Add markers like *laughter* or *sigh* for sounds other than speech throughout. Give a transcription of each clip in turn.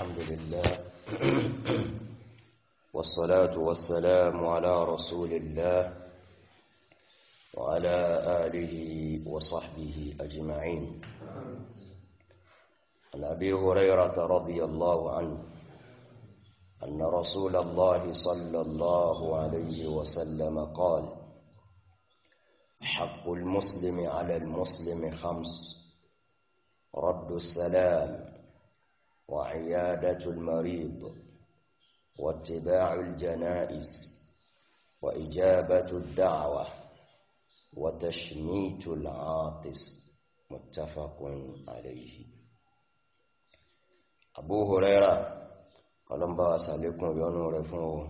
الحمد لله *clears throat* والصلاة والسلام على رسول الله وعلى آله وصحبه أجمعين عن أبي هريرة رضي الله عنه أن رسول الله صلى الله عليه وسلم قال حق المسلم على المسلم خمس رد السلام وعيادة المريض واتباع الجنائز وإجابة الدعوة وتشميت العاطس متفق عليه أبو هريرة قال بها سالكم يونو رفعوا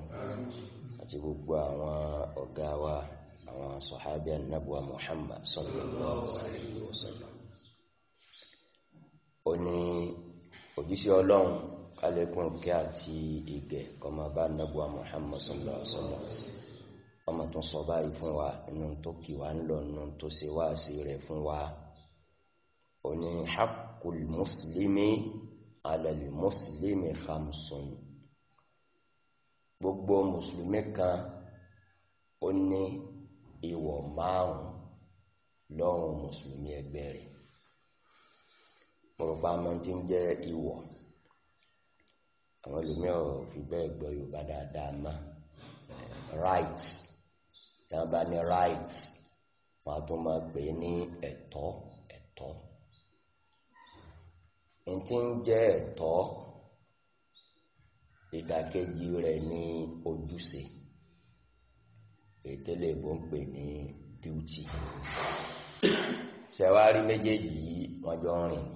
أتبقوا وقاوا àwọn sọ̀hábíà nàbùwà Muhammad sallallahu alaihi wasallam ó ní òjíṣẹ́ ọlọ́run alẹ́kùn òkè àti ìgẹ̀ kọmọ bá nàbúwa Muhammad sallallahu alaihi ọmọ tó sọ báyìí fún wa inú tó kì wá ń lọ inú tó ṣe wá sí rẹ̀ fún wa ó ní haqqul muslimi ala al muslimi khamsun gbogbo mùsùlùmí kan ó ní ìwọ̀ márùn-ún lọ́rùn mùsùlùmí ẹgbẹ́ rẹ̀ Yorùbá mọ tí ń jẹ́ ìwọ̀. Àwọn ẹlòmíràn ò fi bẹ́ẹ̀ gbọ́ Yorùbá dáadáa mọ́. Right. Tí wọ́n bá ní right, wọ́n á tún máa pè é ní ẹ̀tọ́, ẹ̀tọ́. N tí ń jẹ́ ẹ̀tọ́, ìdàkejì rẹ̀ ni ojúṣe. Èyí tí eléèbó ń pè ní duty. Ṣẹ̀wá rí méjèèjì yìí, wọ́n jọ ń rìn.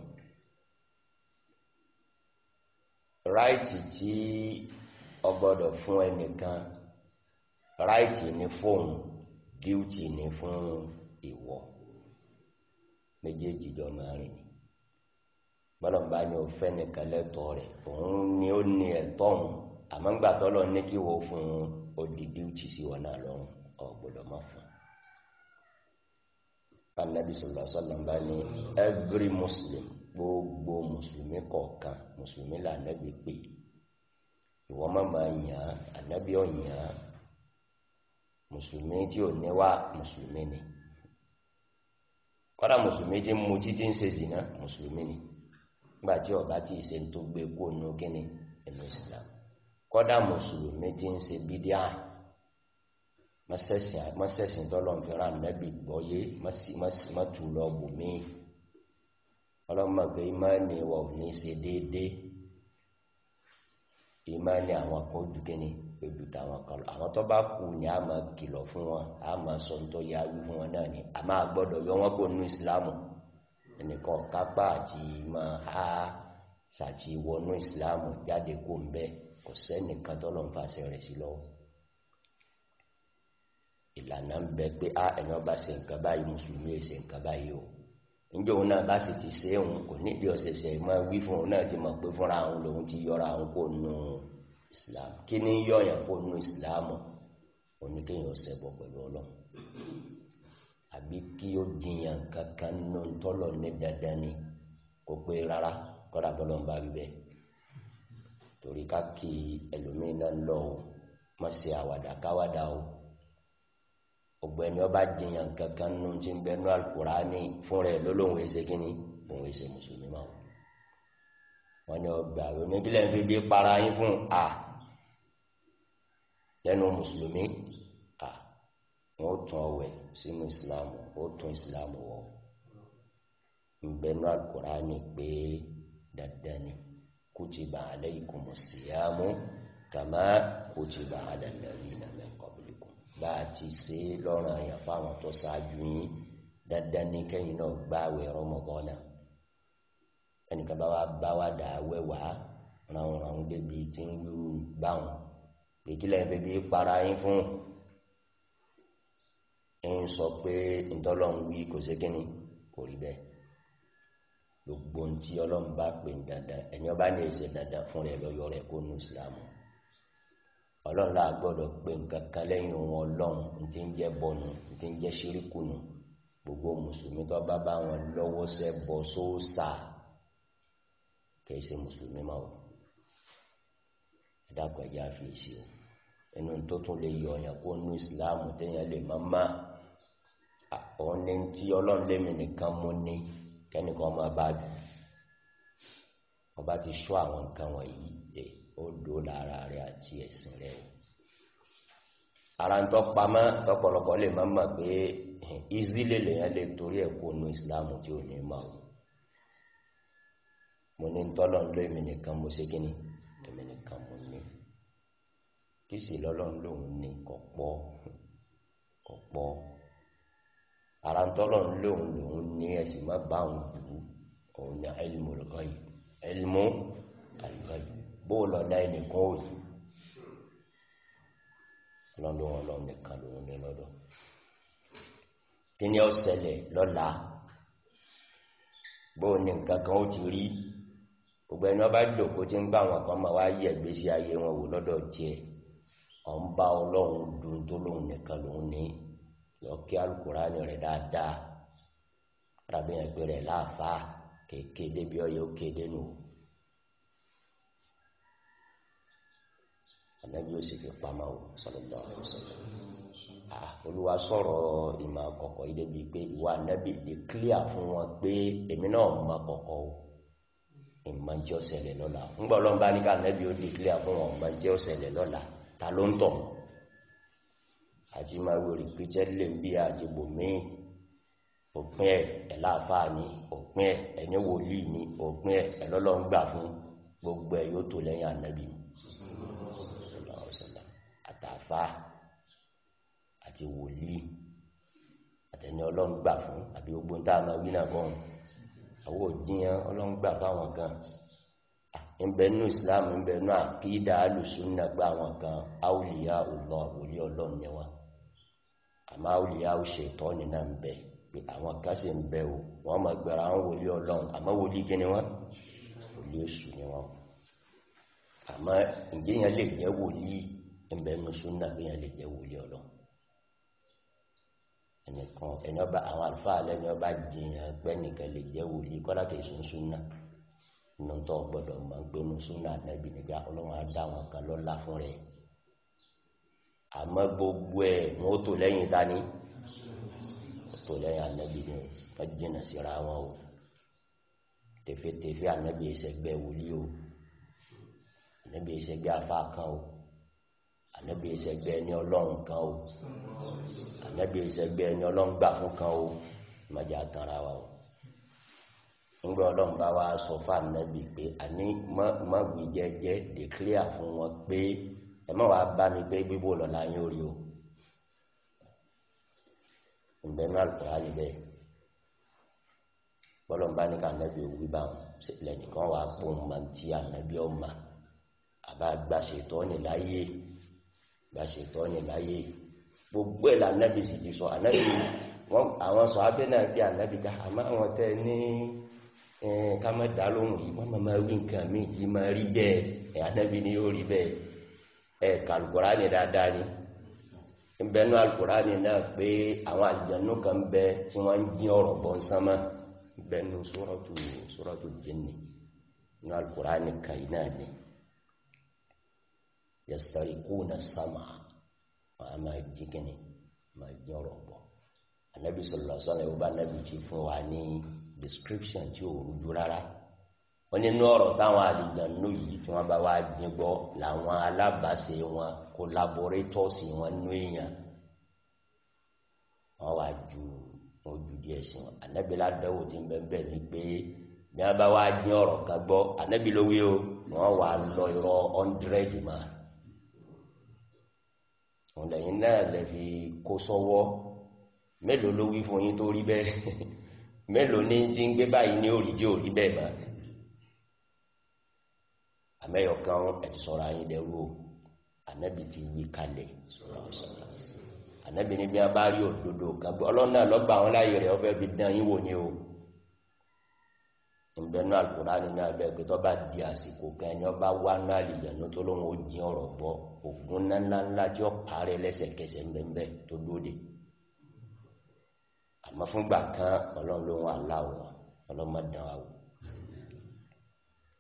ráìtì tí ó gbọ́dọ̀ fún ẹnìkan ráìtì ni fóun díútì ni fún ìwọ méjèèjì jọ máa rìn gbọ́dọ̀gbá ni ò fẹ́ nìkan lẹ́tọ̀ọ́ rẹ̀ òun ni ó ní ẹ̀tọ́ òun àmọ́ ńgbà tọ́lọ́ ní kí wọ́n fún odi díútì sí wọn náà lọ́rùn ò gbọ́dọ̀ má fún un. Anabi sallallahu alaihi wasallam bá ní every Muslim gbogbo mùsùlùmí kọ̀ọ̀kan mùsùlùmí là ànábì pè ìwọ má yàn án ànábì ọ̀yàn án mùsùlùmí tí ò mùsùlùmí ni kọ́dà mùsùlùmí tí ń mu títí ń ṣe mùsùlùmí ni nígbà tí ọba tí ìṣe tó gbé kó nu kíni ẹnu Islam kọ́dà mùsùlùmí tí ń ṣe bídíà mọ́sẹ̀sìn tọ́lọ́mfẹ́ràn ànábì gbọ́yé mọ́tù ọlọ́mọ̀gbé ìmáàni wọ̀ ní ṣe déédéé ìmáàni àwọn kan ojú kíni ojú tàwọn kan lọ àwọn tó bá kù ni a máa kìlọ̀ fún wọn a máa sọ tó yá wí fún wọn náà ni a máa gbọ́dọ̀ yọ wọn kó nu ìsìláàmù ẹnìkan kápá àti máa há ṣàti wọnú ìsìláàmù jáde kó ń bẹ kò sẹ́nìkan tó lọ́n fàṣẹ rẹ̀ sí lọ́wọ́ ìlànà ń bẹ pé a ẹni ọba ṣe nǹkan báyìí mùsùlùmí ṣe nǹkan báyìí o níjọ́ òun náà bá sì ti ṣe òun kò nídìí ọ̀sẹ̀sẹ̀ máa wí fún òun náà ti mọ̀ pé fúnra òun lòun ti yọra òun kò nu islam kí ni yọ̀yàn kò nu islam oníkéyàn ọ̀sẹ̀ bọ̀ pẹ̀lú ọlọ́run àbí kí ó jiyàn kankan nù tọ́lọ̀ ní dandan ni kò pé rárá kọ́dà bọ́lọ̀ ń bá wí bẹ́ẹ̀ torí ká kí ẹlòmíín náà lọ o àwàdà káwàdà o gbogbo ẹni ọba jiyàn kankan nù tí ń bẹnu alukurani fún rẹ lólóhùn èsè kínní òun èsè mùsùlùmí máa wọn ni ọgbà onídìlẹ ń fi dé para yín fún a lẹnu mùsùlùmí a wọn ó tún ọwẹ sínú ìsìlámù ó tún ìsìlámù wọ ń bẹnu alukurani pé dandan ni kutiba alaykumus siyamu kama kutiba ala alladhina bá a ti ṣe lọ́rùn àyàn fáwọn tó ṣáájú yín dandan ní kẹ́yìn náà gbààwẹ̀ Ramadan ẹnìkan bá wa bá wa dà wẹ́wà ràn ràn débi tí ń wíwú bá wọn bíbí para yín fún ń sọ pé ntọ́lọ́run wí kò ṣe kínní kò rí bẹ́ẹ̀ gbogbo ntí ọlọ́run bá pè ń dandan ẹ̀yin ọba ní èsè dandan fún rẹ̀ lọ́yọ̀ rẹ̀ kó nu Islam ọlọ́run náà gbọ́dọ̀ pé nǹkan kan lẹ́yìn wọn ọlọ́run tí ń jẹ́ bọ̀nù tí ń jẹ́ ṣíríkùnù gbogbo mùsùlùmí tó bá bá wọn lọ́wọ́ sẹ́ bọ sóòsà kìí ṣe mùsùlùmí máa wò ẹ̀dá pẹ̀jẹ́ àfiyèsí o inú tó tún lè yọ ọ̀yàn kó nú ìsìláàmù téèyàn lè máa má àwọn ní tí ọlọ́run lémi nìkan mú ní kẹ́nìkan máa bá dùn ọba ti ṣọ́ àwọn nǹkan wọ̀nyí ó dúró lára rẹ àti ẹ̀sìn rẹ o ara ń tọ́ pamọ́ lè máa mọ̀ pé ìzílẹ̀ lèyàn lè torí ẹ̀ kó nu ìsìláàmù tí ò ní o mo ní tọ́lọ̀ ń lo èmi nìkan mo ṣe kíni èmi nìkan mo ní kí sì lọ́lọ́run lòun ní ara ń lòun lòun ní ẹ̀sìn má bá òun bó lọ́dá ẹnìkan ò rí lọ́dún ọlọ́run nìkan lòún ní lọ́dọ̀ kí ni ó ṣẹlẹ̀ lọ́la bó ní kan ó ti rí gbogbo ẹni wọn bá dòkó tí ń bá àwọn kan máa wá yẹ ayé wọn wò lọ́dọ̀ jẹ ọ̀n bá ọlọ́run dùn tó lóun nìkan lòún ní lọ kí alukurani rẹ dáadáa ànábì ó sì fi pamọ́ o sọlọ́dọ̀ ah, olúwa sọ̀rọ̀ ìmọ̀ kọ̀kọ̀ yìí débi pé ìwà ànábì lè clear fún wọn pé èmi náà mọ kọ̀kọ̀ o ìmọ̀ jẹ́ ọ̀sẹ̀lẹ̀ lọ́la ńgbà ọlọ́run bá ní ká ànábì ó lè clear fún wọn ìmọ̀ jẹ́ ọ̀sẹ̀lẹ̀ lọ́la ta ló ń tọ̀ àti máa wo rìpítẹ́ lè bí àjẹbò míì òpin ẹ̀ ẹ̀ láàfáà ni òpin ẹ̀ ẹ̀yìn wòlíì ni òpin ẹ̀ ẹ̀ lọ́lọ́run gbà fún gbogbo ẹ̀ yóò tó lẹ́yìn ànábì ni. àfáà àti wòlíì àtẹni ọlọ́run fún àbí a máa wí náà fún àwọn òjìyàn ọlọ́run fáwọn kan ńbẹ islam ńbẹ àkídà alùsùnà gbà àwọn kan áwùlíyà ọlọ ọlọ́run ni wọn àmọ́ áwùlíyà òṣètọ nínà ńbẹ pé àwọn kan sì ń bẹ o wọn máa gbẹrẹ àwọn wòlíì ọlọ́run àmọ́ wòlíì kí ni wọn wòlíì èṣù ni wọn àmọ́ lè jẹ́ wòlíì ẹ̀mẹ́nu súnà bí yẹn lè jẹ́ wòlé ọlọ́run ẹnìkan ẹni ọba àwọn àlùfáà lẹ́ni ọba jìyàn pé nìkan lè jẹ́ wòlé kọ́lá kìí sún súnà nínú tó gbọdọ̀ máa ń gbénu súnà ànábì nígbà ọlọ́run á dá àwọn kan lọ́lá fún rẹ̀ àmọ́ gbogbo ẹ̀ wọ́n tó lẹ́yìn dání tó lẹ́yìn ni wọ́n jìnnà síra wọn o tẹ̀fẹ́tẹ̀fẹ́ ànábì ẹsẹ̀ gbẹ wòlíì o ànábì ẹsẹ̀ gbẹ afá kan o ànábì ìṣẹ́gbẹ́ ẹni ọlọ́run kan o ànábì ìṣẹ́gbẹ́ ẹni ọlọ́run gbà fún kan o mọ̀jà tanra wa o ńgbà ọlọ́run bá wa sọ fún ànábì pé àní mọ̀wí jẹ́jẹ́ declare fún wọn pé ẹ mọ̀ wá bá mi pé bíbó lọ́la yín ó rí o ìgbẹ́nu àlùkòrá ni bẹ́ẹ̀ bọ́lọ̀mbá ní ká ànábì òwú bá wọn lẹ́nìkan wàá pọ̀ mọ́ ti ànábì ọ̀ma àbá gbàṣetọ́ níláyé bá ṣe tọ́ ní láyé gbogbo ẹ̀ lànàbì sì ti sọ ànàbì àwọn sọ abẹ́ náà bí ànàbì dá àmọ́ àwọn tẹ́ ní ká má dá lóhùn yìí wọ́n máa wí nǹkan míì tí máa rí bẹ́ẹ̀ ẹ̀ ànàbì ni yóò rí bẹ́ẹ̀ ẹ̀ kàlùkùrá ni dáadáa ni ìbẹ̀nu alùkùrá ni náà pé àwọn àlùjànnú kan bẹ tí wọ́n ń dín ọ̀rọ̀ bọ́ ń sánmọ́ ìbẹ̀nu suratu suratu jinni ní alùkùrá ni kàyí náà ni yastarikuna sama wọ́n máa jí kíni máa jí ọ̀rọ̀ bọ̀ anabi sallallahu alaihi wasallam ọba anabi ti fún wa ní description tí ò rújú rárá wọ́n ní inú ọ̀rọ̀ táwọn àlìjànú yìí tí wọ́n bá wá jí gbọ́ làwọn alábàáṣe wọn collaborators wọn nú èèyàn wọ́n wá ju wọ́n ju díẹ̀ sí wọn anabi ládàáwò ti ń bẹ́ẹ̀ bẹ́ẹ̀ ni pé bí wọ́n bá wá jí ọ̀rọ̀ kan gbọ́ anabi ló wí o wọ́n wá lọ irọ́ hundred máa òun lẹ́yìn náà lè fi kó sọ́wọ́ mélòó ló wí fún yín tó rí bẹ́ẹ̀ *laughs* mélòó ní ti ń gbé báyìí ní òrìjì òrí bẹ́ẹ̀ mọ́ àmẹ́yọ̀kan ẹ̀tì sọ̀rọ̀ ayé dẹ̀rú ànábì ti wí kalẹ̀ ànábì ní bí a bá rí òdodo kan ọlọ́nà lọ́gbà àwọn láyé rẹ̀ ọfẹ́ fi dán yín wò ni o ìgbẹ́nu alukurani náà bẹ́ẹ̀ pé tó bá di àsìkò kan ẹni ọba wá náà lìjànú tó lóun ó di ọ̀rọ̀ gbọ́ ògùn ńláńlá ńlá tí ó parẹ́ lẹ́sẹ̀kẹsẹ̀ ńbẹ́ńbẹ́ tó dóde àmọ́ fúngbà kan ọlọ́run ló ń wà láwọ̀ ọlọ́mọdé wa wò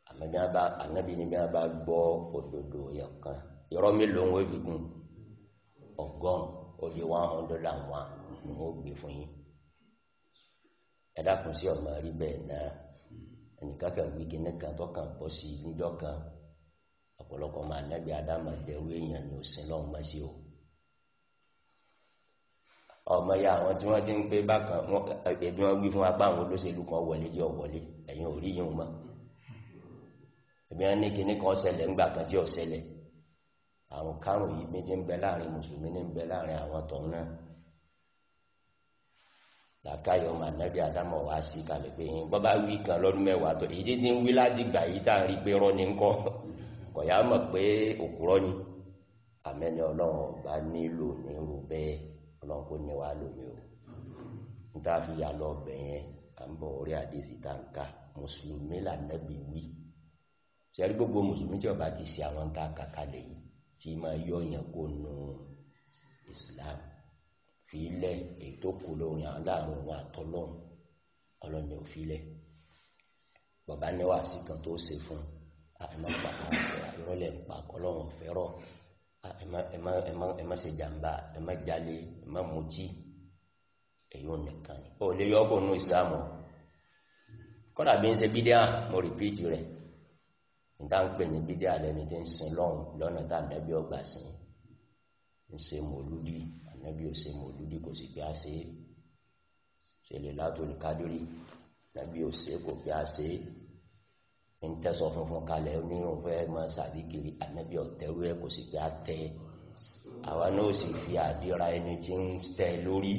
àmọ́ bí wọ́n bá ànábì ni bí wọ́n bá gbọ́ òdodo yẹn kan irọ́ mélòó ń wọ́n fi gun ó di one hundred and one ni wọ́n gbé fún yín ẹ dákun sí ọmọ rí bẹ́ẹ̀ náà ẹnìkan kan wí kíní kan tó kàn bọ́ sí i níjọ́ kan ọ̀pọ̀lọpọ̀ máa nẹ́bí adámà dẹrú èèyàn ni òsín lọ́hùn mọ́ sí o ọmọ ya àwọn tí wọ́n ti ń pé bákan ẹbí wọn wí fún apá àwọn olóṣèlú kan wọlé jẹ́ ọ̀wọ́lé ẹ̀yìn ò rí yìí mọ́ ẹbí wọn ní kíní kan ṣẹlẹ̀ ńgbà kan tí ò ṣẹlẹ̀ àwọn karùn-ún yìí méjì ń bẹ láàrin mùsùlùmí ń bẹ láàrin àwọn tọ̀hún náà làkàyọ̀ ọmọ ànábì àdámọ̀ wá sí kalẹ̀ pé yín bọ́ bá wí kan lọ́dún mẹ́wàá tó èyí tí ń wí láti gbà yìí tá à ń rí pé rọ́ ni ń kọ́ kọ̀yà mọ̀ pé òkúrọ́ ni àmẹ́ni ọlọ́run ọba nílò ní irú bẹ́ẹ̀ kò ní wàá lómi o níta fi yà lọ bẹ̀ yẹn à ń bọ̀ orí àdéhìí tá à ń ka mùsùlùmí lànàbì wí sẹ́rí gbogbo mùsùlùmí tí ọba ti ṣe àwọn tá a kàkalẹ̀ yìí tí máa yọ ọ̀yàn kó nu Islam fi lẹ̀ ètò kù lórin àwọn láàrin òun àtọ́lọ́run ọlọ́run ni ò fi lẹ̀ bàbá níwà sí kan tó ṣe fún àìmọ́ pàpà ìrọ́lẹ̀ pa ọlọ́run fẹ́rọ̀ ẹ̀mọ́ ṣe jàǹbá ẹ̀mọ́ jalè ẹ̀mọ́ mutí èyí ò nìkan ni ó lè yọ́kùn ní ìsìlámù kọ́dà bí ń ṣe bídíà mo rìpíìtì rẹ̀ níta ń pè ní bídíà lẹni tí ń sin lọ́run lọ́nà tá àdábí ọgbà sin ń ṣe mòlúdì nàbí ò ṣe mọ̀lúdì kò sì pé a ṣe é ṣẹlẹ̀ látòlù kádírì nàbí ò ṣe kò pé a ṣe é ń tẹ́sọ funfun kalẹ̀ ní òun fẹ́ máa ṣàbí kiri ànábì ọ̀tẹ́rú ẹ̀ kò sì pé a tẹ́ àwa náà sì fi àdíra ẹni tí ń tẹ́ lórí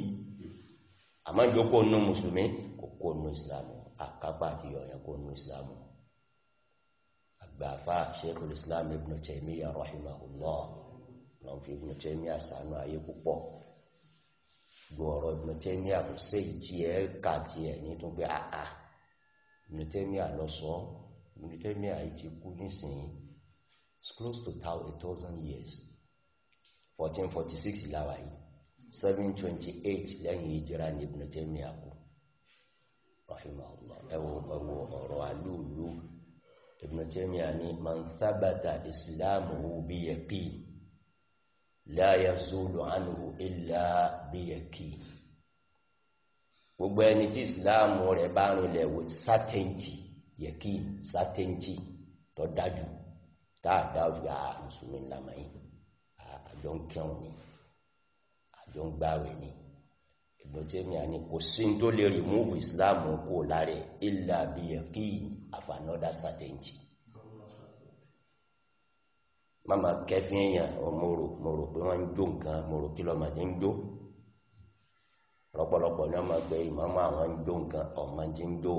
àmọ́ ìjókòó nù mùsùlùmí kò kó nù ìsìlámù àkápá àti yọ̀yàn kó nù ìsìlámù àgbàfà Sheikhul Islam Ibn Taymiyyah rahimahullah lọ́n fi Ibn Taymiyyah sànú ayé púpọ̀ gbọ́ ọ̀rọ̀ Ibn Taymiyyah kò sí ìjì ẹ̀ ká tiẹ̀ ní tó gbé àà Ibn Taymiyyah lọ sọ Ibn Taymiyyah yìí ti kú nísìnyí close to a thousand years fourteen forty six làwà yìí seven twenty eight lẹ́yìn ìjọra ní Ibn Taymiyyah kú rahimahullah ẹwọ ẹwọ ọ̀rọ̀ alúùlú Ibn Taymiyyah ní man thabata islamuhu bi yaqin la yazulu anhu illa biyaki gbogbo ẹni tí ìsìláàmù rẹ̀ bá rinlẹ̀ with certainty yẹ̀kí certainty tó dájú táà dájú à ah, mùsùlùmí ńlámà yìí ah, àjọ ń kẹun ni àjọ ń gbàwẹ̀ ni ìbọn tí èmi àní kò sí tó lè remove ìsìláàmù kó lára illa biyaki of another mama kẹfí èèyàn ọ mo rò mo rò pé wọn ń jó nǹkan mo rò kí lọmọ ti ń jó lọ́pọ̀lọpọ̀ ní ọmọ pé ìmọ̀mọ́ àwọn ń jó nǹkan ọmọ ti ń jó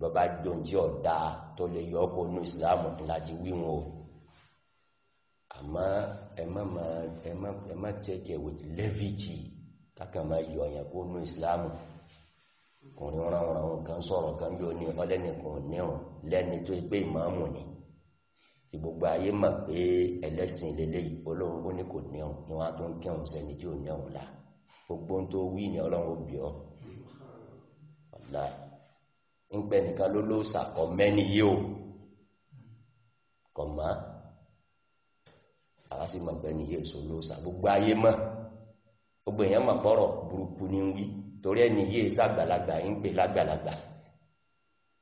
bàbá jó tí ọ̀dà tó lè yọ ọkọ̀ nínú ìsìláàmù láti wí wọn o àmọ́ ẹ má má ẹ má ẹ má tẹ̀kẹ̀ with levity kákan máa yọ ọ̀yàn kó nínú ìsìláàmù kùnrin wọn àwọn kan sọ̀rọ̀ kan bí ó ní ọlẹ́nìkan ní ọ̀ lẹ́ni tó pé ìmọ̀ọ́mù ni tí gbogbo ayé mọ̀ pé ẹlẹ́sìn lélẹ́yìí ọlọ́run ó ní kò ní ọ̀hún ni wọ́n á tó ń kírun sẹ́ni tí ò ní ọ̀hún la gbogbo ohun tó wí ni ọlọ́run bì ọ́ ọ̀la ń pẹ́ nìkan ló ló sàkọ́ mẹ́ni yìí o kọ̀ mọ́ àwa sì mọ̀ pé ní yìí èso ló sà gbogbo ayé mọ̀ gbogbo èèyàn mọ̀ bọ́rọ̀ burúkú ni ń wí torí ẹni yìí sàgbàlagbà ń pè lágbàlagbà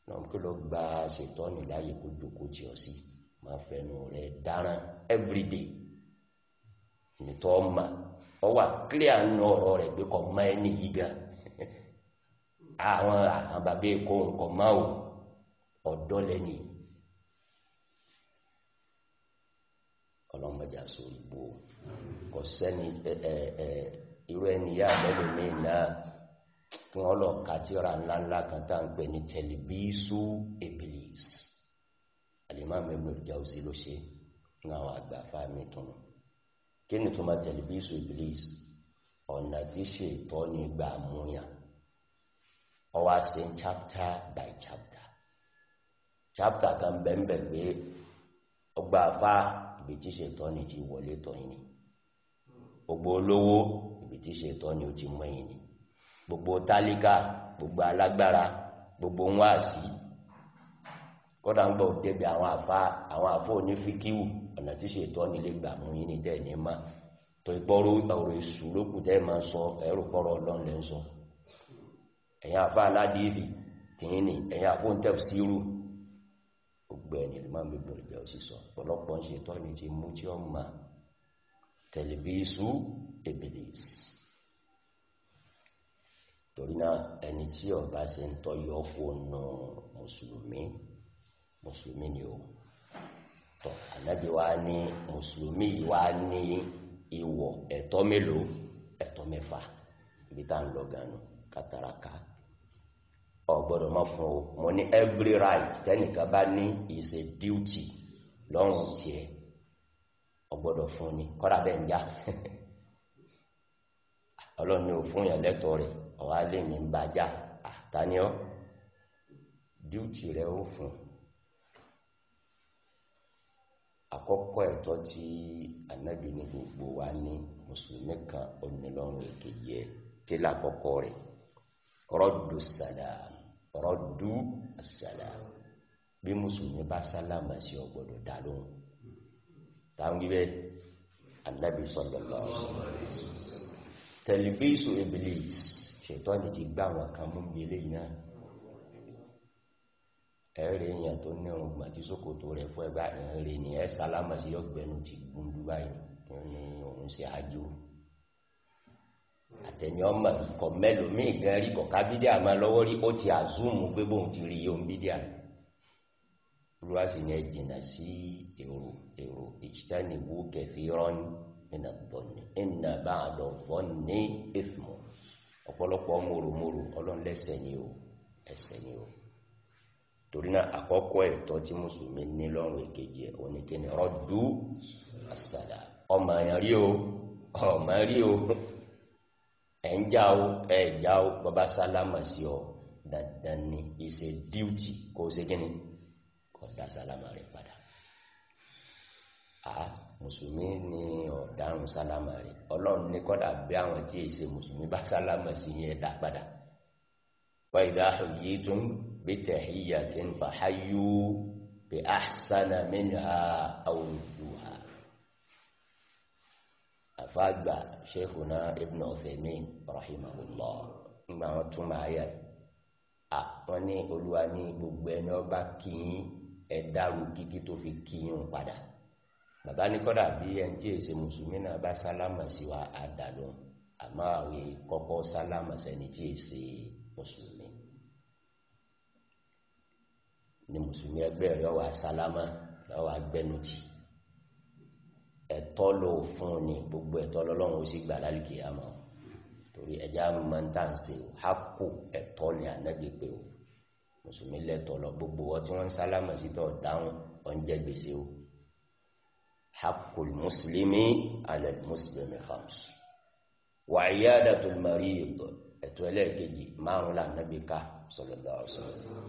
náà kí ló gba ṣètọ́nì láàyè kó jókòó tì ọ́ sí i. máa fẹnu rẹ̀ dáràn everyday nìtọ́ ma ọ wà kílíà ń ọ̀rọ̀ rẹ̀ pé kọ́ mọ ẹni yìí gan àwọn àwọn bàbá nǹkan mọ́ ò ọ̀dọ́ lẹ́nu ọlọ́mọdé àṣọ kò sẹ́ni irú ẹni yá mẹ́lòmíì náà fún ọlọ́ọ̀ka tíra ńláńlá kan tá à ń pè ní tẹlifíṣù Al-Imam Ibn al-Jawzi ló ṣe ní àwọn àgbàfà mi tunu kí ni tó máa talbisu Iblis ọ̀nà tí ṣètọ́ ní gbà múyàn ọwá sí chapter by chapter chapter kan bẹ́ẹ̀ pé ọgbà afá ibi tí ṣètọ́ ní ti wọlé tọ́yìn ni gbogbo olówó ibi tí ṣètọ́ ní o ti mọ ẹ̀yìn ni gbogbo tálíkà gbogbo alágbára gbogbo ń wá kódà ń gbọ́ débi àwọn àfa àwọn àfọ onífíkíwù ọ̀nà tí ṣètò nílé gbà mú yín ní tẹ́ ní ma tó ìgbọ́rú ọ̀rọ̀ èṣù lókù tẹ́ máa sọ ẹ̀rù kọ́rọ̀ ọlọ́run lẹ́ ń sọ ẹ̀yin àfa aládìífì tìyín ni ẹ̀yin àfọ ntẹ́fsíìrù gbogbo ẹni lè má gbogbo ìgbà ó sì sọ ọ̀pọ̀lọpọ̀ ń ṣètò ní ti mú tí ó ma tẹlifíṣù ebèlèsì torí náà ẹni tí ọba ṣe ń tọ́ yọ fóònù mùsùlùmí mùsùlùmí ni o tọ ànábì wa ní musulmi wa ní ìwọ̀ ẹ̀tọ́ mélòó ẹ̀tọ́ ibi tá à lọ ganu kàtàràkà ọ ma fún o mo ní every right tẹnika bá ní is a duty lọ́rùn tiẹ̀ ọ fún ni kọ́ra bẹ́ẹ̀ ń já *laughs* ni o fún yàn lẹ́tọ̀ọ́ rẹ̀ àkọ́kọ́ ẹ̀tọ́ tí ànábì ní gbogbo wa ní mùsùlùmí kan onílọ́run èkejì ẹ̀ kí lákọ́kọ́ rẹ̀ rọ́dù sàlám rọ́dù sàlám bí mùsùlùmí bá sálámà sí ọ gbọ́dọ̀ dá lóhùn táwọn gbígbẹ́ ànábì sallallahu alaihi wasallam tẹ̀lifíṣù Iblis ṣètọ́ ni ti gbá àwọn kan mú mi eléyìí náà ẹ̀rẹ́ èèyàn tó ní ọgbà tí sókòtò rẹ̀ fún ẹgbà ẹ̀rẹ́ ni ẹ̀ sálámà sí ọgbẹ̀nu ti gbúndú báyìí ní òun ṣe àjò àtẹ̀yìn ọmọ ikọ̀ mẹ́lòmíì gan rí kọ̀ká bídíà máa lọ́wọ́ rí ó ti àzúùmù pé bóun ti rí yóò bídíà olúwa sì ní ẹ̀jìnà sí èrò èrò ìṣítánìwó kẹfì rọ́ní nínú bọ̀nì iná bá àdọ̀ bọ́ni ìfìmọ̀ ọ̀pọ̀lọpọ̀ mòròmòrò ọlọ́run lẹ́sẹ̀ ni o ẹsẹ̀ ni torí náà àkọ́kọ́ ẹ̀tọ́ tí mùsùlùmí ní lọ́rùn èkejì ẹ̀ oníkẹ́ni rọ́dú àsàlà o ọmọ o ẹ̀ ń já o ẹ̀ já o bàbá sálámà sí ọ dandan ni ìṣe díútì kò ṣe a mùsùlùmí ni ọ̀daràn sálámà rẹ̀ ọlọ́run ní kọ́dà bí àwọn ise èsè mùsùlùmí bá sálámà sí yẹn dá وإذا حييتم بتحية فحيوا بأحسن منها أو ردوها أفاد شيخنا ابن عثيمين رحمه الله ما وتم آيات àwọn ní olúwa ní gbogbo ẹni ọba kìín ẹ̀dàrú kíkí tó fi kíyìn padà bàbá ní kọ́dà bí ẹni tí èsè mùsùlùmí náà bá sálámà sí wa àdàlóhùn àmọ́ àwọn kọ́kọ́ sálámà sẹ́ni tí è ṣe mùsùlùmí ni mùsùlùmí ẹgbẹ́ rẹ̀ wà sálámà lọ́wọ́ agbẹnutì ẹ̀tọ́ ló fún ni gbogbo ẹ̀tọ́ lọ́lọ́run ó sì gbà lálùkì àmọ́ torí ẹja máa ń tà ń ṣe o hákò ẹ̀tọ́ ni ànábì pé o mùsùlùmí lẹ́tọ̀ lọ gbogbo ọ tí wọ́n ń sálámà sí tọ̀ dáhùn ọ̀ ń jẹ gbèsè o hákò mùsùlùmí alẹ́ mùsùlùmí khamsu wà iyadatul marid ẹ̀tọ́ ẹlẹ́ẹ̀kejì márùn là nàbí ká sallallahu alaihi wasallam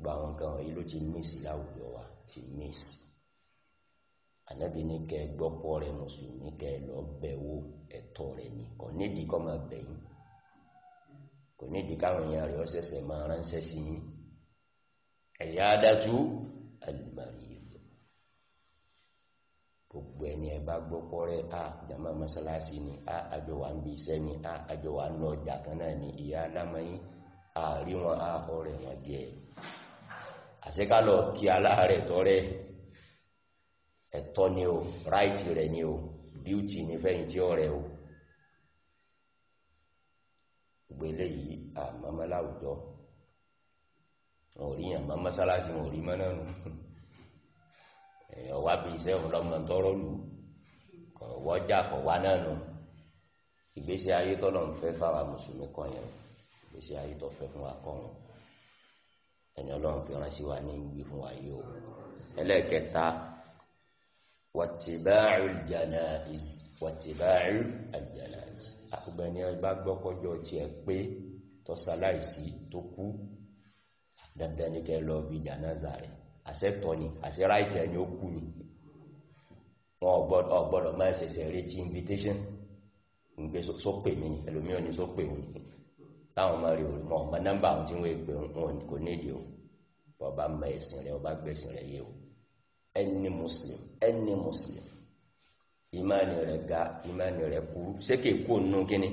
gba àwọn kan wọ̀nyí ló ti miss láwùjọ wa ti miss ànábì ní kẹ gbọ́pọ̀ rẹ mùsùlùmí kẹ lọ bẹ̀wò ẹ̀tọ́ rẹ ni kò nídìí kọ́ máa bẹ̀yìn kò nídìí káwọn èèyàn rẹ̀ ọ́ sẹ̀sẹ̀ máa ránṣẹ́ sí yín iyadatu al marid gbogbo ẹni ẹ bá gbọ́pọ̀ rẹ̀ a jama masalasi ni a àjọ wà ń bí iṣẹ́ ni a àjọ wà ń lọ ọjà kan náà ni ìyá alámọ́yín a rí wọn a ọ̀rẹ́ wọn jẹ àṣekálọ̀ kí aláàrẹ̀ tọ́rẹ́ ẹ̀tọ́ ni o ráìtì rẹ̀ ni o díùtì ni fẹ́yìn tí ọ̀rẹ́ o gbogbo eléyìí àmọ́mọ́ láwùjọ wọn ò rí yàn mọ́ masalasi wọn ò rí mọ́ náà *laughs* èèyàn wá bí iṣẹ́ òun lọ́mọ tọ́rọ́ lù ọ̀wọ́ jà kọ̀ wá náà nù ìgbésí ayé tọ́lọ̀ ń fẹ́ fáwa mùsùlùmí kọ́ yẹn ìgbésí ayé tó fẹ́ fún wa kọ́ wọn ẹni ọlọ́run fi ránṣẹ́ wa ní wí fún wa yìí o ẹlẹ́ẹ̀kẹta wàtíbáàrù jànáìs wàtíbáàrù àjànáìs àkùgbẹ́ni ọba gbọ́kọ́jọ́ tiẹ̀ pé tọ́sálàìsí tó kú dandan ní kẹ́ lọ bí jànáza rẹ̀ àṣẹ́tọ̀ ni àṣẹ ráìtì ẹni ó kú ni wọn ọ̀gbọ́dọ̀ máa ṣẹ̀ṣẹ̀ retí invitation ìgbé sópè mi ni ẹlòmíràn ni sópè òun ni táwọn ọmọ rẹ òun ọmọ nọ́mbà àwọn tí wọn pè òun kò nídìí o bọba mọ ẹsìn rẹ ọba gbẹsìn rẹ yé o ẹni muslim ẹni muslim ìmáàni rẹ ga ìmáàni rẹ kúrú ṣé kì í kó nù kíni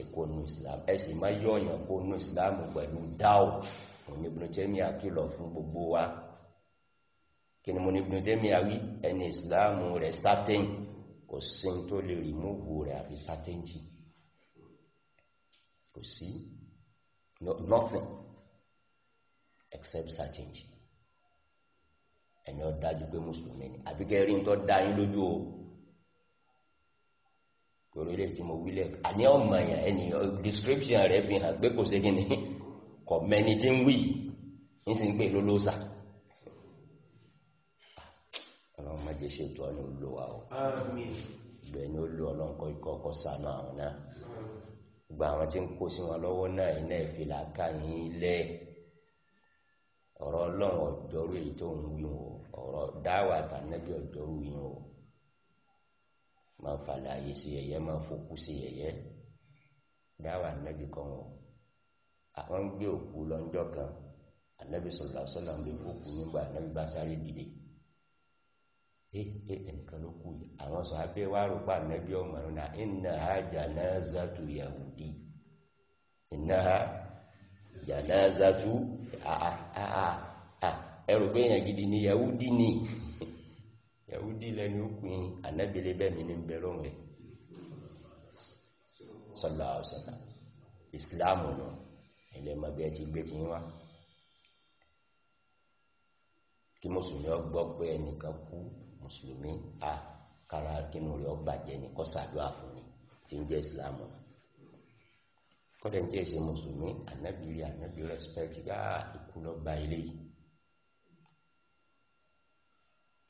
èkó nù islam ẹ sì má yọ̀yàn kó nù islam pẹ̀lú dáwò òun ni Ibn Taymiyyah kìlọ̀ fún gbogbo wa kí ni mo ní Ibn Taymiyyah rí ẹni ìsìláàmù rẹ̀ sátẹ́yìn kò sí tó lè rìmúvù rẹ̀ àfi sátẹ́yìn kò sí nothing except certain ẹni ọdájú pé mùsùlùmí ni àbí kẹrí ń tọ́ da yín lójú o torí lè tí mo wílẹ̀ àní ọmọ ẹni description rẹ̀ fi hàn pé kò sí kí ni *laughs* kọ̀ mẹ́ni tí ń wí ń sì ń pè lólóòsà gbé ṣètò ọ̀nà olówà o gbẹ̀yìn olú ọlọ́nkọ́ ikọ̀ ọkọ̀ sànú àwọn náà gba àwọn tí ń kó sí wọn lọ́wọ́ náà iná ìfìlà ká yín lẹ̀ ọ̀rọ̀ ọlọ́run ọ̀dọ́rú èyí tó ń wí o ọ̀rọ̀ dáwà tànẹ́bí ọ̀dọ́rú yín o máa fàlàyé sí yẹ̀yẹ́ máa fokú sí yẹ̀yẹ́ dáwà nẹ́bí kan o àwọn ń gbé òkú lọ́jọ́ kan ànẹ́bí sọ̀rọ̀ sọ́lá ń gbé òkú nígbà ànẹ́bí bá sáré dìde nǹkan ló kù yìí àwọn sàábẹ́ wá rò pa nẹ́bí ọmọ ìrìnà innaha janazatu yahudi innaha janazatu ẹrù pé èèyàn gidi ni yahudi ni *laughs* yahudi lẹni ó pin ànábìlẹ bẹ́ẹ̀ mi ní ń bẹ lọ́rùn ẹ̀ sallallahu alaihi wasallam ìsìláàmù náà bí ẹ ti gbé ti ń wá kí mùsùlùmí ọgbọ́ pé ẹnìkan kú mùsùlùmí a kára kínú rẹ̀ ọgbàjẹ́ ní kọ́sàdúrà fún ni tí ń jẹ́ ìsìlámù kọ́dẹ̀ ń jẹ́ ìṣe mùsùlùmí ànábì rí ànábì respect yá ikú lọ gba ilé yìí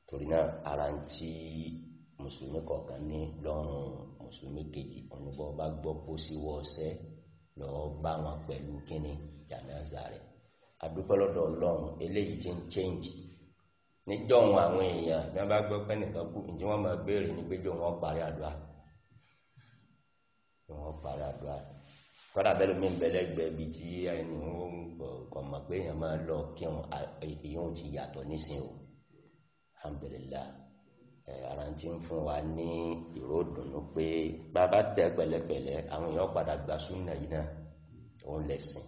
torí náà ara ń tí mùsùlùmí kọ̀ọ̀kan ní lọ́rùn mùsùlùmí kejì onígbọ́ bá gbọ́ kó sí wọ lọ́ọ́ bá wọn pẹ̀lú kíni jàmíàzà rẹ̀ adúpẹ́ lọ́dọ̀ ọlọ́run eléyìí ti ń change níjọ́hun àwọn èèyàn bí wọ́n bá gbọ́ pé nìkan kú ní tí wọ́n máa béèrè ní pé jọ wọn parí àdúrà jọ wọn parí àdúrà kọ́dà bẹ́ẹ̀ lómi ìbẹ̀lẹ́gbẹ̀ẹ́ ibi tí ẹni wọn kọ̀ mọ̀ pé èèyàn máa lọ kí èèyàn ti yàtọ̀ nísìnyí o alhamdulilayi ara ti ń fún wa ní ìró dùnú pé bàbá tẹ pẹ̀lẹ́pẹ̀lẹ́ àwọn èèyàn padà gba súnà yìí náà òun lẹsìn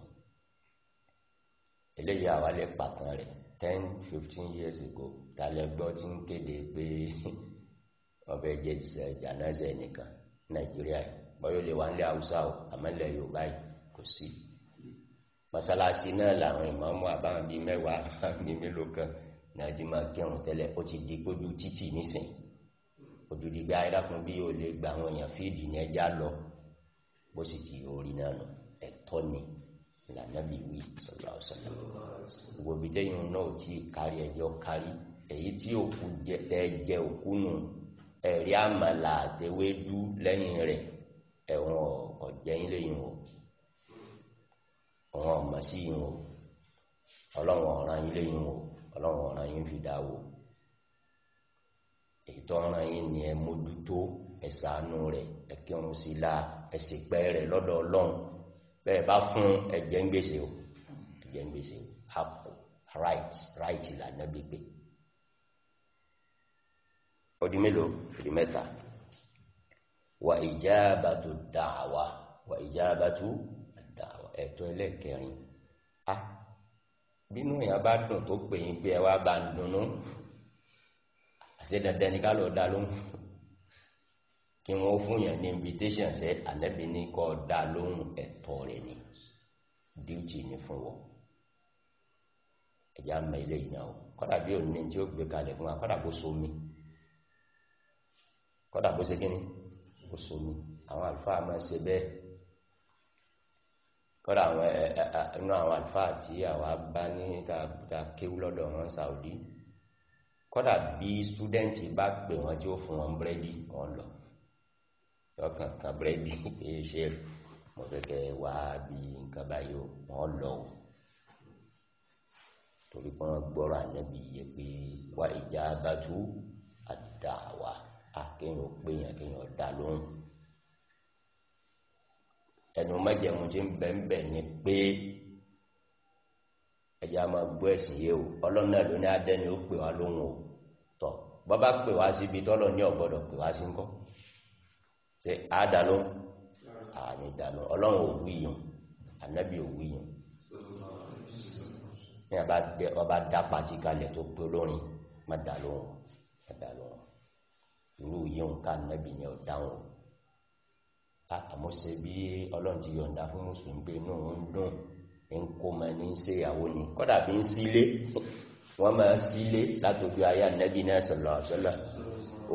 eléyìí àwa lè pàtàn rẹ̀ ten fifteen years ago talẹ́gbọ́ ti ń kéde pé *laughs* ọbẹ̀ jẹ́ jànáza ẹnìkan nàìjíríà bọ́yọ̀ lè wà nílẹ̀ haúsá o àmọ́lẹ̀ yorùbá yìí kò sí mọ́sálásí náà làwọn ìmọ̀ọ́mọ́ àbáwọn bíi mẹ́wàá àbáwọn mélòó kan náà ti tẹ́lẹ̀ ó ti di gbójú títì nísìn òdùdí gbé ayélujáfún bí o lè gba àwọn èèyàn fíìdì ní ẹja lọ bó sì ti orí náà nù ẹ̀tọ́ ni ìlànàbí wí sọ̀rọ̀ ọ̀sọ̀rọ̀ gbogbo ibi tẹ́yìn náà tí kárí ẹjọ́ kárí èyí tí òkú tẹ́ jẹ òkú nù ẹ̀rí àmàlà àtẹwédú lẹ́yìn rẹ̀ ẹ̀wọ̀n ọ̀jẹ̀yìn lẹ́yìn o ọ̀wọ̀n ọ̀mà sí yìí o ọlọ́run ọ̀ràn yín lẹ́yìn o ọlọ́run ọ̀ràn yín fi dá o èyí tó ọ̀ràn yín ni ẹ mójútó ẹ ṣàánú rẹ̀ ẹ kírun sí i la ẹ sì pẹ́ rẹ̀ lọ́dọ̀ ọlọ́run bẹ́ẹ̀ bá fún ẹ̀jẹ̀ ń gbèsè o ẹ̀jẹ̀ ń gbèsè o hapo right right ìlànà gbígbé ọdí mélòó fìdí mẹ́ta wà ìjábàtú dàwà wà ìjábàtú dàwà ẹ̀tọ́ ẹlẹ́kẹrin a bínú èèyàn bá dùn tó pè é pé ẹ wá bá ń dunnú àṣẹ dandan ni ká lọ dá lóhùn kí wọ́n fún yàn ní invitation ṣe ànábì ní kọ́ dá lóhùn ẹ̀tọ́ rẹ̀ ni duty ni fún wọn ẹ̀já mọ ilé yìí náà kọ́dà bí òun ní tí ó gbé kalẹ̀ fún wa kọ́dà bó somi kọ́dà bó ṣe kíni bó somi àwọn àlùfáà máa ṣe bẹ́ẹ̀ kọ́dà inú àwọn àlùfáà tí àwa bá ní ta kéwú lọ́dọ̀ wọn Saudi kọ́dà bí súdẹ́ǹtì bá pè wọ́n tí ó fún wọn búrẹ́dì wọn lọ tọkàn kan búrẹ́dì pé *laughs* ṣe mo fẹ́ kẹ́ wá bí nǹkan báyìí o wọ́n lọ o torí pé wọ́n gbọ́rọ̀ ànábì yẹ pé wá ìjà abájú àdáwà àkéèyàn péyàn kéèyàn dá lóhùn ẹnu mẹ́jẹ̀mú tí ń bẹ̀ ń bẹ̀ ni pé ẹ̀jẹ̀ a máa gbọ́ ẹ̀sìn yìí o ọlọ́run náà ló ní adẹ́ni ó pè wá lóhùn o tọ̀ bọ́ bá pè wá síbi tọ́lọ́ ní ọ̀gbọ́dọ̀ pè wá sí ńkọ́ ṣe àádàló àmì ìdàló ọlọ́run òwú yìí ànábì òwú yìí ní ọba dá pàtí kalẹ̀ tó pé olórin má dàló má dàló irú yìí ń ká ànábì yẹn dáhùn àmọ́sẹ̀ bí ọlọ́run ti yọ̀ǹda fún mùsùlùmí pé inú òun dùn ń kó ma ní ṣèyàwó ni kọ́dà bí ń sílé wọ́n máa sílé látòjú ayé ànábì náà sọ̀lọ̀ sọ̀lọ̀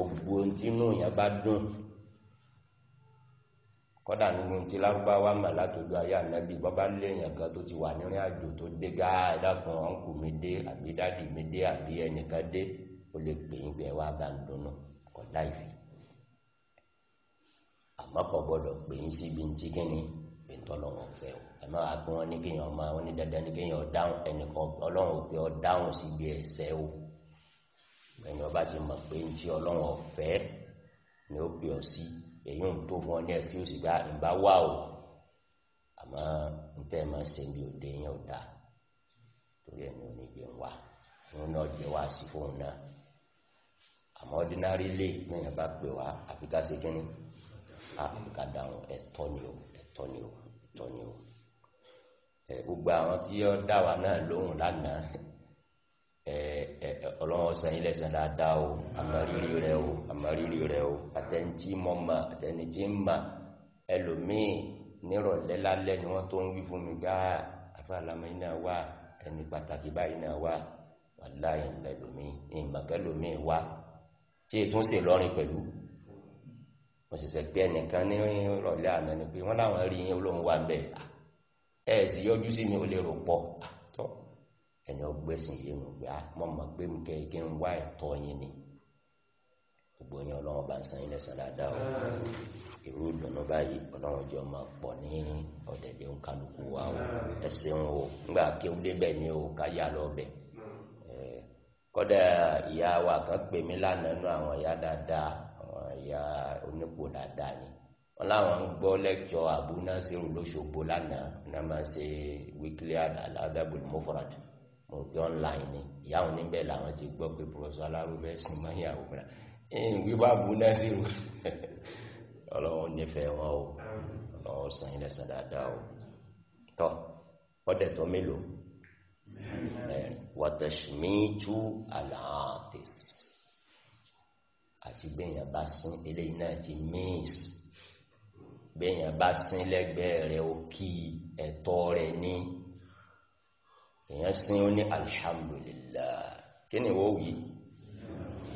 ògbó yẹn bá dùn kọ́dà nínú tí lárúbáwá mà látòjú ayé ànábì bọ́bá léèyàn kan tó ti wà nírìn àjò tó dé gá ẹ̀dàkùn ọ̀nkù mi dé àbí dádì mi dé àbí ẹnìkan dé ó lè pè é gbẹ wá bá ń dùnnú kọ láìfi àmọ́ kò gbọ́dọ̀ pè é síbi tí kíni pè ń tọ́lọ̀ fẹ́ o ẹ má wàá pé wọ́n ní kéèyàn máa wọ́n ní dandan ní kéèyàn dáhùn ẹnìkan ọlọ́run ò pé ọ dáhùn síbi ẹ̀sẹ̀ o ẹni ọba ti mọ̀ pé ń ọlọ́run ọ̀fẹ́ ni ó pè ọ sí. èyí ń tó fún ọ ní excuse ị ìbá wà o àmọ́ níta ẹ̀ máa ṣe bí òde yẹn ò dáa torí ẹni ò ní jẹun wá òun náà jẹ wá sí fóun náà àmọ́ ordinary lè lẹ́yìn bá pè wá àfi ká ṣe àfi ká dáhùn ni o ni o ni ọlọ́wọ́ sàn ilẹ̀ sàn dáadáa o àmàrírí rẹ o àmàrírí rẹ o àtẹnití mọ́ ma àtẹnití ń ma ẹlòmíì nírọ̀lẹ́ lálẹ́ ni wọ́n tó ń wí fún mi gbá àfàlàmì náà wá ẹni pàtàkì báyìí náà wá wàláyé ẹlòmíì ìmọ̀kẹ́lòmíì wá tí ètò ń ṣe lọ́rin pẹ̀lú wọ́n ṣẹ̀ṣẹ̀ pé ẹnìkan ní ìrọ̀lẹ́ àná ni pé wọ́n láwọn rí yín olóhùn wà bẹ́ẹ̀ ẹ̀ sì yọjú sí mi ò lè rò pọ̀ ẹni ọgbẹ́sìn yìí nù gbà mọ́ mọ̀ pé mi kẹ́ kí n wá ẹ̀tọ́ yín ni gbogbo yín ọlọ́run bá ń san yín lẹ́sàn dáadáa o irú ìdùnnú báyìí ọlọ́run jọ máa pọ̀ ní ọ̀dẹ̀dẹ̀ ń kálukú wa o ẹsẹ̀ ń o ńgbà kéwú débẹ̀ ni o káyà lọ bẹ̀ kọ́dà ìyá wa kan pè mí lánàá nú àwọn ìyá dáadáa àwọn ìyá onípò dáadáa ni wọn láwọn ń gbọ́ lẹ́kṣọ̀ àbúná sí olóṣogbo lánàá ní a máa ṣe wíkílì àdàbò mọ́fọ́ràdì òkè online ni ìyá òun níbẹ̀ làwọn ti gbọ́ pé pọ̀lọ́sọ alárúbẹ̀ sìn mọ́ ìyàwó rẹ̀ ẹ̀yìn wíwá bu náà sí rò ọlọ́run nífẹ̀ẹ́ wọn o ọlọ́run san ilẹ̀ san dáadáa o tọ́ ọdẹ tó mélòó mẹ́rin wàtẹ̀sùmíjú àlàáfíìs àti gbẹ̀yìn bá sín eléyìí náà ti mìís gbẹ̀yìn bá sín lẹ́gbẹ̀ẹ́ rẹ̀ ó kí ẹ̀tọ́ rẹ̀ ní èèyàn sin ó ní alhamdulillah kí ni wọ́n wí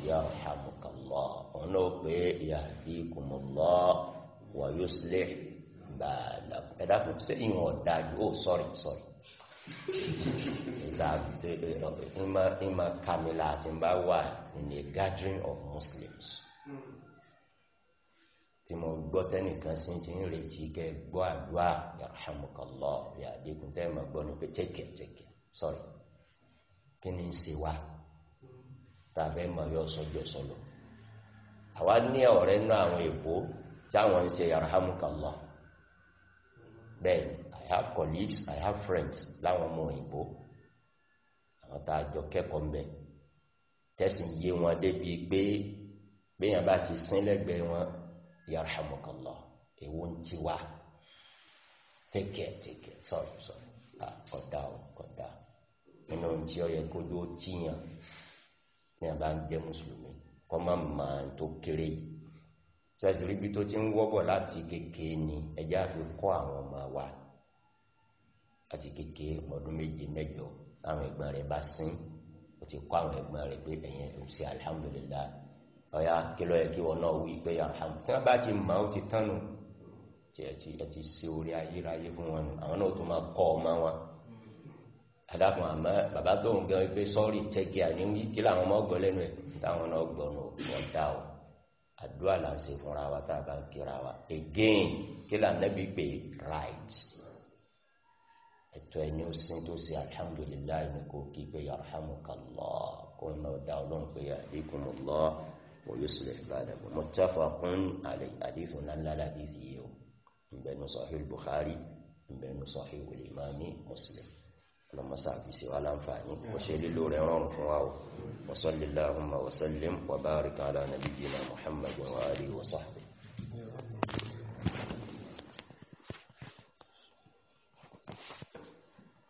yarhamukallah òun náà pé yahdikumullah wa yuslih balakum ẹ̀dá kò sí ìwọ̀n ọ̀dájú ó sọ̀rì sọ̀rì ìmọ̀ kàmìlà àti ìmọ̀ wà ní a gathering of Muslims tí mo gbọ́ tẹ́nìkan sí ti ń retí kẹ́ gbọ́ àdúrà yarhamukallah yàdékùn tẹ́ mọ̀ gbọ́ ní pé chẹ́kẹ̀ chẹ́kẹ̀ sorry kini ni ń ṣe wa tàbí mọ̀ yọ sọ́jọ́ sọ́lọ́ àwa ní ọ̀rẹ́ nínú àwọn èbó tí àwọn ń ṣe yarhamukallah bẹ́ẹ̀ i have colleagues i have friends láwọn ọmọ òyìnbó àwọn tá a jọ kẹ́kọ̀ọ́ mbẹ tẹ́sí yé wọn débi pé béèyàn bá ti sín lẹ́gbẹ̀ẹ́ wọn yarhamukallah èwo ń ti wá take care take care sorry sorry ọ̀dà ah, ọ̀dà nínú tí ó yẹ kójú ó tíyàn ní àbá ń jẹ́ mùsùlùmí kọ́ má mà tó kéré yìí sẹ́sì ríbi tó ti ń wọ́bọ̀ láti kékeré ni ẹjẹ́ àfi kọ́ àwọn ọmọ wa àti kékeré ọdún méje mẹ́jọ táwọn ẹ̀gbọ́n rẹ̀ bá sín ó ti kọ́ àwọn ẹ̀gbọ́n rẹ̀ pé ẹ̀yìn ẹ̀dùn sí alihamudulilayi ọ̀yà kílọ̀ yẹ kí wọn náà wí pé alhamdu tí wọ́n bá ti mọ̀ ó ti tánu tí ẹ ti ṣe orí ayérayé fún wọn àwọn náà tó máa kọ́ ọmọ wọn adákùn àmọ́ bàbá tó ń gan pé sọ́ọ̀rì tẹ́kì àníwí kí làwọn ọmọ ọgbọ̀n lẹ́nu ẹ̀ táwọn náà gbọ̀nù ọ̀dà o àdúrà là ń ṣe fúnra wa tá a bá ń kíra wa again kí là nẹ́bí pé right ẹ̀tọ́ ẹni ó sin tó ṣe alhamdulilayi ni kò kí pé yarhamukallah kó ń náà dá ọlọ́run pé yahdikumullah wa yuslih balakum muttafaqun alayhi àdéhùn ńláńlá ládéhùn yìí o ń bẹnu Sahih Bukhari ń bẹnu Sahih al-Imam Muslim. اللهم في سوانا أنفعني وشيل لوري رون فواو وصل اللهم وسلم وبارك على نبينا محمد وآله وصحبه